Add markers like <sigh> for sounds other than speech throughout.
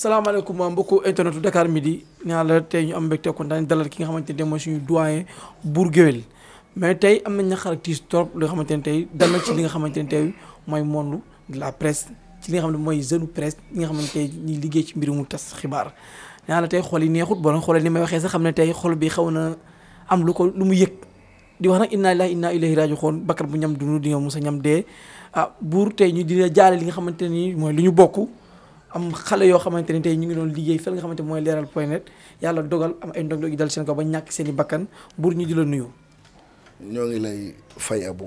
salaamaaleykum mbokku internetu Dakar midi nee la tey ñu am mbégte kontaan dalal ki nga xamante ne mooy suñu doyen Bour Gueweul mais tey am nañ naqar ak tiis trop li nga xamante ne tey dal li nga xamante ne tey mooy monde de la presse ci li nga xam ne mooy jeune presse li nga xamante ne ñuy liggéey ci mbirum tas xibaar nee la tey xol yi neexut bon xoolee ni may waxee sax xam ne tey xol bi xaw na am lu ko lu mu yëg di wax nag inna lillahi inna ilayhi raji'un bakkat bu ñam dund di nga musa ñam dee ah buur tey ñu dina jaale li nga xamante ni mooy lu ñu bokk am xale yoo xamante ni tey ñu ngi doon liggéey fel nga xamante mooy leeral point net yàlla dogal am ay ndog-ndog yu dal seen kaw ba ñàkk seen i bakkan buur ñu di la nuyu. ñoo ngi lay fay abu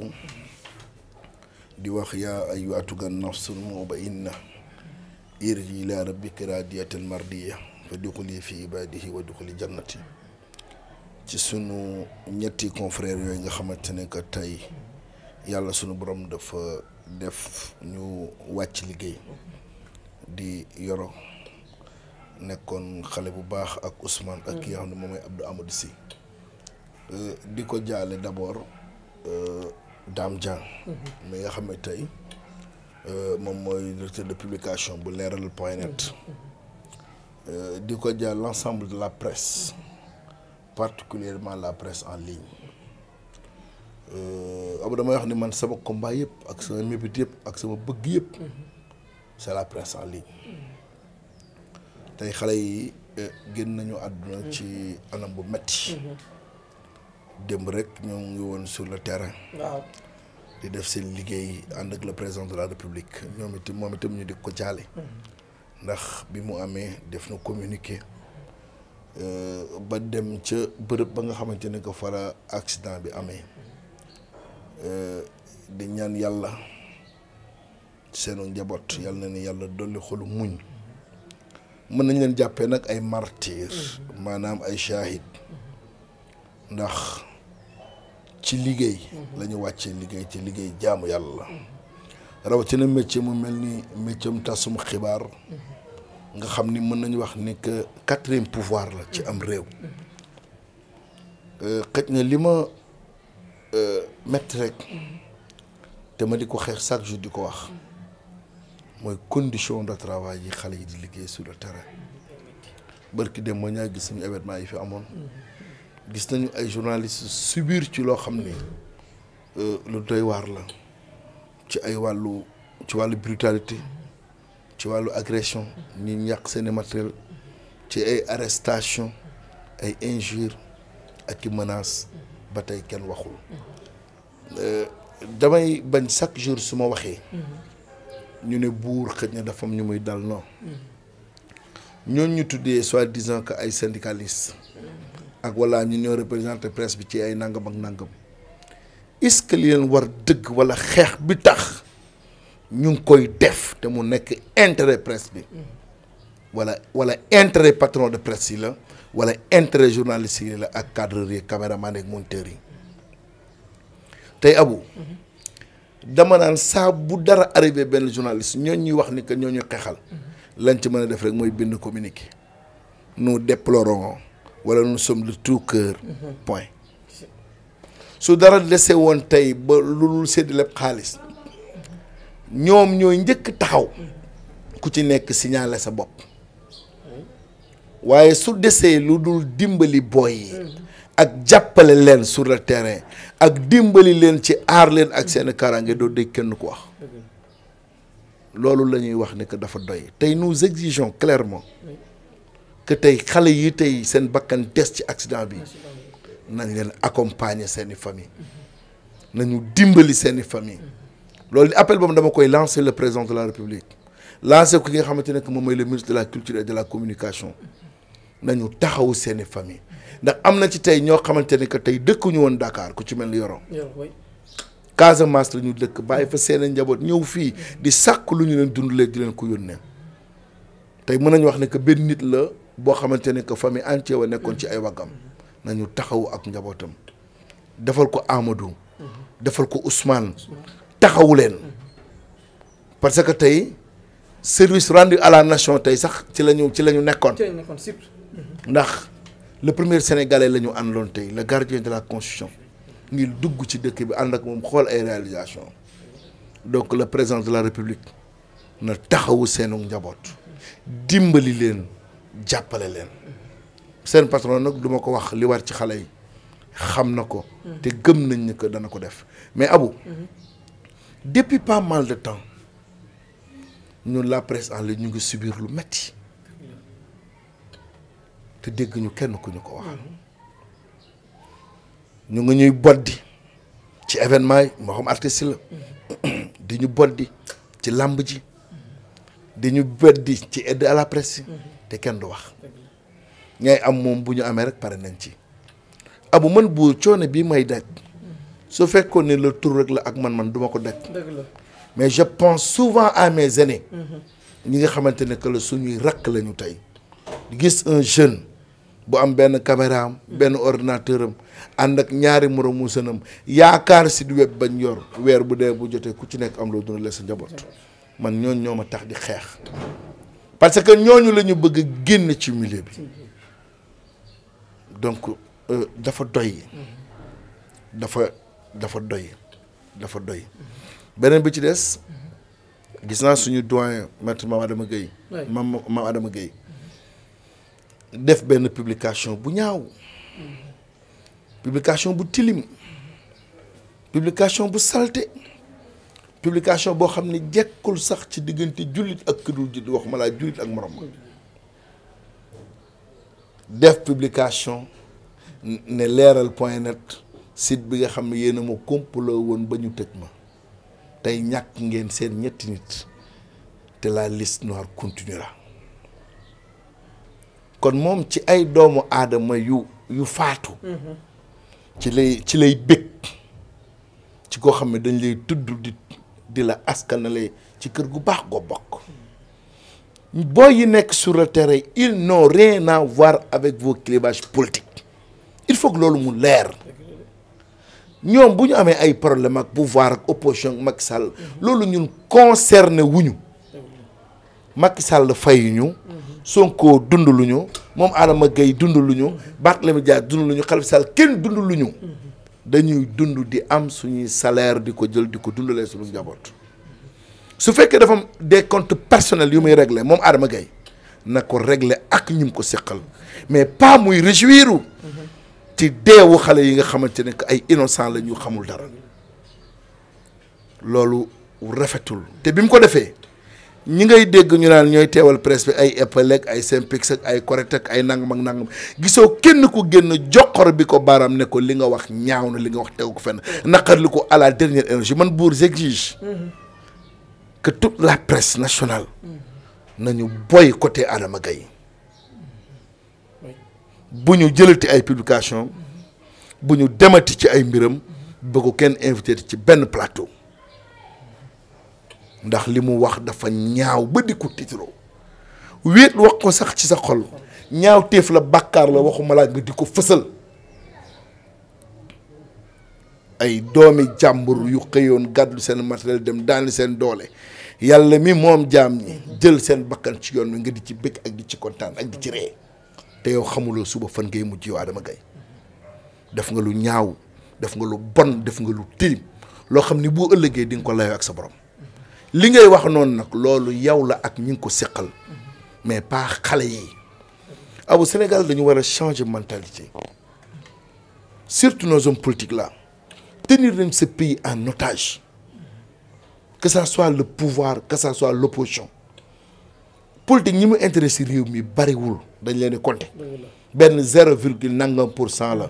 di wax yaa indi na mutma'inna irji ila rabbika radiyatan mardiya fa duxuli fi ibadihi wa duxuli jannati ci sunu ñetti confrères yooyu nga xamante ne que tey yàlla sunu borom dafa def ñu wàcc liggéey. di yoro nekkoon xale bu baax ak Ousmane. ak ki xam ne moom mooy Abdou Amadou Sy. Euh, di ko jaale d'abord euh, Dame Dieng. mi mhm. nga xam ne tey euh, moom mooy directeur de publication bu leeral point mhm. di ko jaal l'ensemble de la presse. particulièrement la presse en ligne. ab damay wax ni man sama combat yëpp ak sama mébét yëpp ak sama bëgg yëpp. Mhm. c'est la presse en tey xale yi eh, génn nañu àdduna ci anam bu metti démb rek ñoo ngi woon sur le terrain di def seen liggéey ànd ak le président de la république ñoom itam moom itam ñu di ko jaale ndax bi mu amee def na communiqué eh, ba dem ca bërëb ba nga xamante ni ko fara accident bi amee eh, di ñaan yàlla seenu njaboot yàlla na ni yàlla dolli xolu muñ mën nañ leen jàppee nag ay martyr maanaam ay shahid ndax ci liggéey la wàccee liggéey ci liggéey jaamu yàlla la rawatina métier mu mel ni métier mu suma xibaar nga xam ni mën nañu wax ni que quatrième pouvoir la ci am réew euh, xëj na li ma euh, métti rek te ma di ko xeex chaque jour di ko wax mooy condition de travail yi xale yi di liggéey sur le terrain bërki dem moo ñaa gis suñu événement yi fi amoon gis nañu ay journalistes biir ci loo xam ni euh, lu doy waar la ci ay wàllu ci wàllu brutalité ci wàllu agression ñu ñàkk seeni matériel ci ay arrestation ay injures ak i menaces ba tey kenn waxul euh, damay bañ chaque jour su ma waxee ñu ne buur xëj na dafa am ñu muy dal non ñooñu ñu tuddee soit disant que ay syndicalistes ak wala ñu ñoo représenté presse bi ci ay nangam ak nangam est-ce que li leen war dëgg wala xeex bi tax ñu ngi koy def te mu nekk intérêt presse bi wala wala intérêt patron de presse yi la wala intérêt journaliste yi la ak cadreur yi caméraman ak monteur yi tey abu dama naan saa bu dara arrivé benn journaliste ñoo ñuy wax ni que ñoo ñu xeexal lañ ci mën a def rek mooy bind communiqué nous déplorons wala nous sommes de tout cœur point su dara dese woon tey ba lulul seddi lépp xaalis ñoom ñooy njëkk taxaw ku ci nekk signalé sa bopp waaye su desee lu dul dimbali boy yi ak jàppale leen sur le terrain ak dimbali leen ci aar leen ak seen kaaraange doo dégg kenn ku wax loolu la ñuy wax ne que dafa doy tey nous exigeons clairement que tey xale yi tey seen bakkan des ci accident bi nañ leen accompagner seeni i famille nañu dimbali seen i famille loolu appel boobu dama koy lancer le président de la république lancer ko ki nga xamante ne moom mooy le ministre de la culture de la communication nañu taxawu seen i famille ndax am na ci tey ñoo xamante ne que tey dëkkuñu woon Dakar ku ci mel ni Yoro Casamance la ñu dëkk bàyyi fa seen njaboot ñëw fii di sàkk lu ñu leen dundalee di leen ko yónnee tey mën nañu wax ne que benn nit la boo xamante ne que famille entière wa nekkoon ci ay waggam nañu taxawu ak njabootam defal ko Amadou defal ko Ousmane taxawu leen parce que tey service rendu à nation tey sax ci la ñu ci la ñu nekkoon ndax le premier sénégalais la ñu àndoon tey le gardien de la constitution ngir dugg ci dëkk bi ànd ak moom xool ay réalisation donc le président de la république na taxawu seenu njaboot dimbali leen jàppale leen seen patron nag duma ko wax li war ci xale yi xam na ko te gëm nañ ni que dana ko def mais abu depuis pas mal de temps ñun la presse en ligne ñu ngi subir lu metti te dégg ñu kenn ku ñu ko waxal ñu ngi ñuy boddi ci événement yi moo xam artiste la <clears throat> di ñu boddi ci làmb ji di ñu boddi ci aide à la presse te kenn du wax ngay am moom bu ñu amee rek pare nañ ci abu man buur coono bii may daj su fekkoon ne la tur rek la ak man man duma ko daj mais je pense souvent à mes aînés ñi nga xamante ne que la suñuy rakk lañu tey gis un jeune bu am benn caméra benn ordinateur am ànd ak ñaari moromu sënam yaakaar si di web bañ yor weer bu dee bu jotee ku ci nekk am loo dundalee sa njaboot man ñooñu ñoo ma tax di xeex parce que ñooñu lañu bëgg génn ci milieu bi donc euh, dafa doy dafa doy dafa doy beneen bi ci des gis naa suñu doyen maître Mame Adama Gueye. Mame Mame Adama Gueye. def benn publication bu ñaaw publication bu tilim publication bu salte publication boo xam ne jekkul sax ci diggante jullit ak këdul jullit waxuma laa jullit ak morom def publication ne leeral point net sit bi nga xam ne yéen a ma complot woon ba ñu tëj ma tey ñàkk ngeen seen ñetti nit te la liste noire continuera kon moom ci ay doomu aadama yu yu faatu mhm. ci lay ci lay bég ci koo xam ne dañ lay tudd di di la askanale ci kër gu baax goo bokk booy yi nekk sur le terrain ils n'ont rien à voir avec vos clivages politiques il faut loolu mu leer ñoom bu ñu amee ay problème ak pouvoir ak opposition ak Macky Sall mhm. loolu ñun concerné wuñu Macky Sall fayuñu Sonko dund lu ñu moom Adama Gueye dund lu ñu Barthélémy Dias dund lu ñu Khalifa Sall kenn dund lu ñu dañuy dund di am suñuy salaire di ko jël di ko dundalee suñu njaboot su fekkee dafa am des comptes personnels yu muy régler moom Adama Gueye na ko régler ak ñum ko seqal mais pas muy réjouiru ti deewu xale yi nga xamante ne ay innocent la ñu xamul dara loolu rafetul te bi mu ko defee ñi ngay dégg ñu naan ñooy teewal presse bi ay Apple ak ay Simpix ak ay Correct ak ay nangam ak nangam gisoo kenn ku génn joxor bi ko baaraam ne ko li nga wax ñaaw na li nga wax tegu ko fenn naqarlu ko à la dernière énergie man buur j'exige que toute la presse nationale nañu boycotté Adama Gaye bu ñu jëlati ay publication bu ñu demati ci ay mbiram ba ko kenn invité ci benn plateau ndax li mu wax dafa ñaaw ba di ko tiitaroo wéet wax ko sax ci sa xol ñaaw téef la bàkkaar la waxuma laa nga di ko fësal ay doomi jàmbur yu xëyoon gàddu seen matériel dem daani seen doole yàlla mi moom jaam ñi jël seen bakkan ci yoon wi nga di ci bëgg ak di ci kontaan ak di ci ree te yow xamuloo suba fan ngay mujj yow Adama Gaye def nga lu ñaaw def nga lu bon def nga lu tilim loo xam ni boo ëllëgee di nga ko layoo ak sa boroom li ngay wax noonu nag loolu yow la ak ñi ngi ko seqal mais pas xale yi abu Sénégal dañu war a changer mentalité surtout nos hommes politiques là tenir nañ ce pays en otage que ça soit le pouvoir que ça soit l'opposition politique ñi mu intéressé réew mi bariwul dañ leen di compter benn zéro virgule nangam pour cent la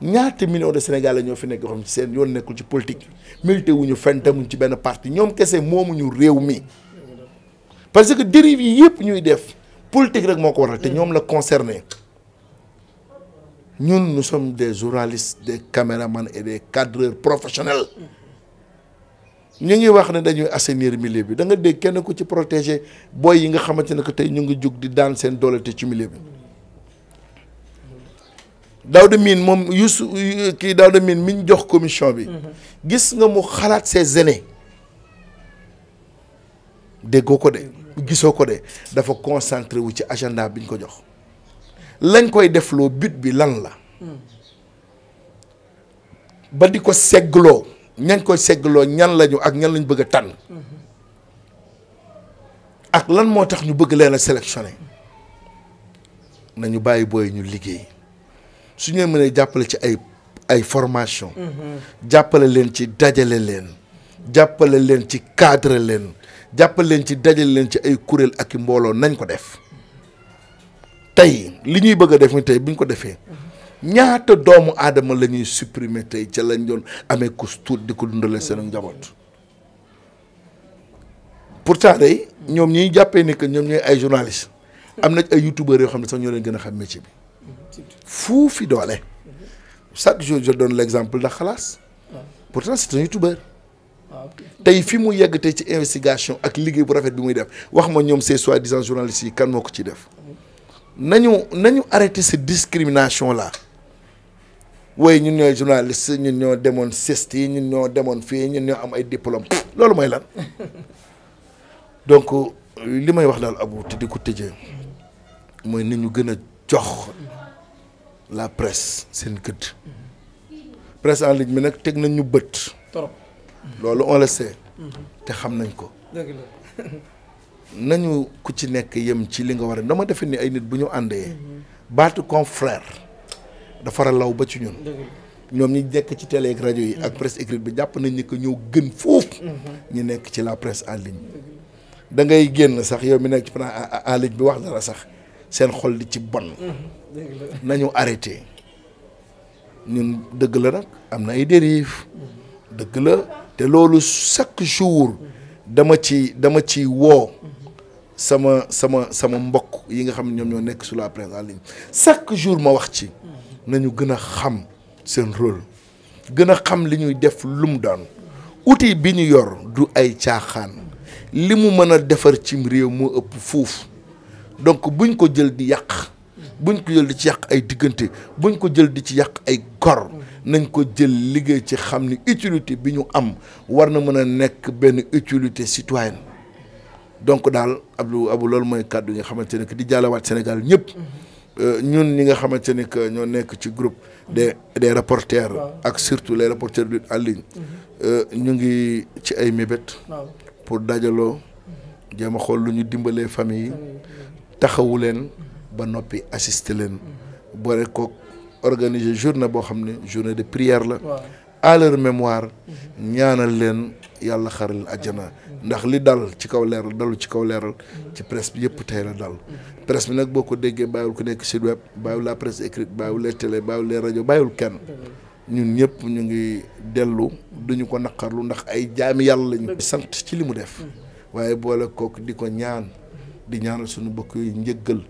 ñaata millions de Sénégalais ñoo fi nekk yoo xam seen yoon nekkul ci politique milité ñu fenn demuñ ci benn parti ñoom kese moomuñu réew mi parce que dérive yi yëpp ñuy def politique rek moo ko waral te ñoom la concerné ñun nous sommes des journalistes des caméramans et des cadreurs professionnels ñu ngi wax ne dañuy assainir milieu bi da nga dégg kenn ku ci protéger booy yi nga xamante ne que tey ñu ngi jug di daan seen doole te ci milieu bi. Daouda Mine moom Youssou kii Daouda mi ñu jox commission bi. Mhm. gis nga mu xalaat ses aînés déggoo ko de gisoo ko de dafa concentré wu ci agenda bi ñu ko jox lañ koy defloo but bi lan la. Mhm. ba di ko seggloo ñañ koy seggloo ñan lañu ak ñan lañ bëgg a tànn. Mhm. ak lan moo tax ñu bëgg leen a sélectionné nañu bàyyi booy ñu liggéey. su ñu mënee jàppale ci ay ay formation jàppale leen ci dajale leen jàppale leen ci cadre leen jàppale leen ci dajale leen ci ay kuréel ak i mbooloo nañ ko def tey li ñuy bëgg a def ni tey bu ñu ko defee ñaata doomu aadama la ñuy supprimer tey ca lañ doon amee kus tuut di ko dundale seen njaboot pourtant day ñoom ñuy jàppee ni que ñoom ñooy ay journaliste am na ay youtubeurs yoo xam ne sax ñoo leen gën a xam métier bi fuufi doole chaque jour je donne l' exemple ndax xalaas pourtant c'est un youtubeur ah, tey fi mu yegg tey ci investigation ak liggéey bu rafet bi muy def wax ma ñoom ces soi-disant journalistes yi kan moo ko ci def nañu nañu arrêté cette discrimination la wooye ñun ñooy journaliste ñun ñoo demoon sest yi ñun ñoo demoon fii ñun ñoo am ay diplôme loolu mooy lan <laughs> donc li may wax daal Abou te di ko tëjee mooy ni ñu gën a jox la presse seen këdd presse en ligne bi nag teg nañ ñu bët. trop loolu on le sait. te xam nañ ko. nañu ku ci nekk yem ci li nga war a dama defe ni ay nit bu ñu àndee. baatu confrère dafa ralaw ba ci ñun. ñoom ñi nekk ci télé ak rajo yi. ak presse écrite bi jàpp nañ ni que ñoo gën foofu. ñu nekk ci la presse en ligne. da ngay génn sax yow mi nekk ci en ligne bi wax dara sax. seen xol di ci bon mhm. nañu arrêté ñun dëgg la nag am na ay dérive mhm. dëgg la te loolu chaque jour dama ci dama ci woo sama sama sama mbokk yi nga xam ne ñoom ñoo nekk sur la presse en ligne chaque jour ma wax ci mhm. nañu gën a xam seen rôle gën a xam li ñuy def lu mu doon outil bi ñu yor du ay caaxaan li mu mën a defar cim réew mu ëpp fuuf donc buñ ko jël di yàq buñ ko jël di ci yàq ay diggante buñ ko jël di ci yàq ay gor nañ ko jël liggéey ci xam ni utilité bi ñu am war na mën a nekk benn utilité citoyenne donc daal Abdou Abou loolu mooy kàddu yi xamante ne que di jaalawaat Sénégal ñëpp euh, ñun ñi nga xamante ne que ñoo nekk ci groupe des des reporters ak surtout les reporters de lutte en ligne euh, ñu ngi ci ay mébét pour dajaloo mm-hmm. jéem xool lu ñu dimbalee famille yi mm-hmm. taxawu leen ba noppi assister leen boole kook organiser journée boo xam ne journée de prière la à leur mémoire ñaanal leen yàlla xaral àjjana ndax li dal ci kaw leeral dalu ci kaw leeral ci presse bi yëpp tey la dal presse bi nag boo ko déggee bàyyiwul ku nekk site web bàyyiwul la presse écrite bàyyiwul les télé bàyyiwul les rajo bàyyiwul kenn ñun ñëpp ñu ngi dellu duñu ko naqarlu ndax ay jaami yàlla lañu sant ci li mu def waaye boole kook di ko ñaan di ñaanal suñu mbokk yi njëggal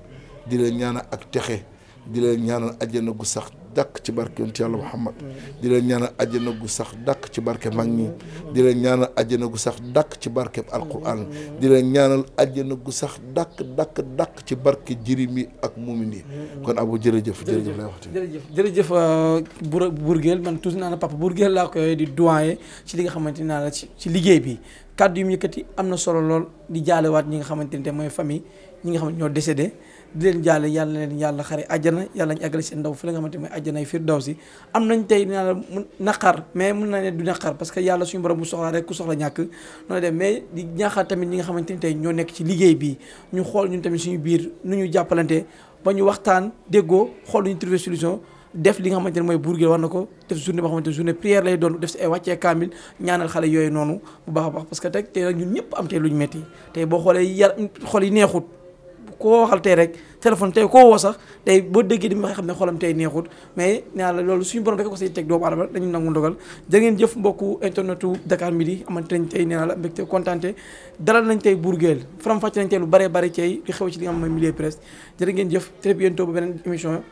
di leen ñaanal ak texe di leen ñaanal àjjana gu sax dàkk ci barke yonent yàlla Muhammad di leen ñaanal àjjana gu sax dàkk ci barke mag ñi di leen ñaanal àjjana gu sax dàkk ci barke alquran di leen ñaanal àjjana gu sax dàkk dàkk dàkk ci barke jirim yi ak muumin yi kon abu jërëjëf jërëjëf lay waxtu jërëjëf jërëjëf euh, Bour Bourguel man toujours naa la papa Bourguel laa koy di doyen ci li nga xamante naa la ci ci liggéey bi kàddu yu mu yëkkati am na solo lool di jaalewaat ñi nga xamante mooy famille ñi nga xam ñoo décédé di leen jaale yàlla leen yàlla xare àjjana yàlla ñu àggale seen ndaw fi la nga xamante mooy àjjana yi firdawsi am nañ tey naa la mu mun na ne du naqar parce que yàlla suñu borom bu soxlaa rek ku soxla ñàkk ñi nga xamante ni tey ñoo nekk ci liggéey bi ñu xool ñu tamit suñu biir nu ñu jàppalante ba ñu waxtaan déggoo xool ñu trouver solution def li nga xamante ne mooy buur gi war na ko def journée boo xamante journée prière lay doon def si ay wàccee kaamil ñaanal xale yooyu noonu bu baax a baax parce que tey tey nag ñun ñëpp am tey lu yi neexut koo waxal tey rek téléphone tey koo woo sax tey boo déggee di ma xam ne xolam tey neexut mais naa la loolu suñu borom rek ko say teg doomu aadama dañu nangu ndogal da ngeen jëf mbokku internetu Dakar Midi amante nañ tey nee naa la mbégte kontaante dalal nañ tey Bourguel faram-fàcce nañ tey lu bëree bëri tey li xew ci li nga xam mooy milieu presse jërë ngeen jëf beneen émission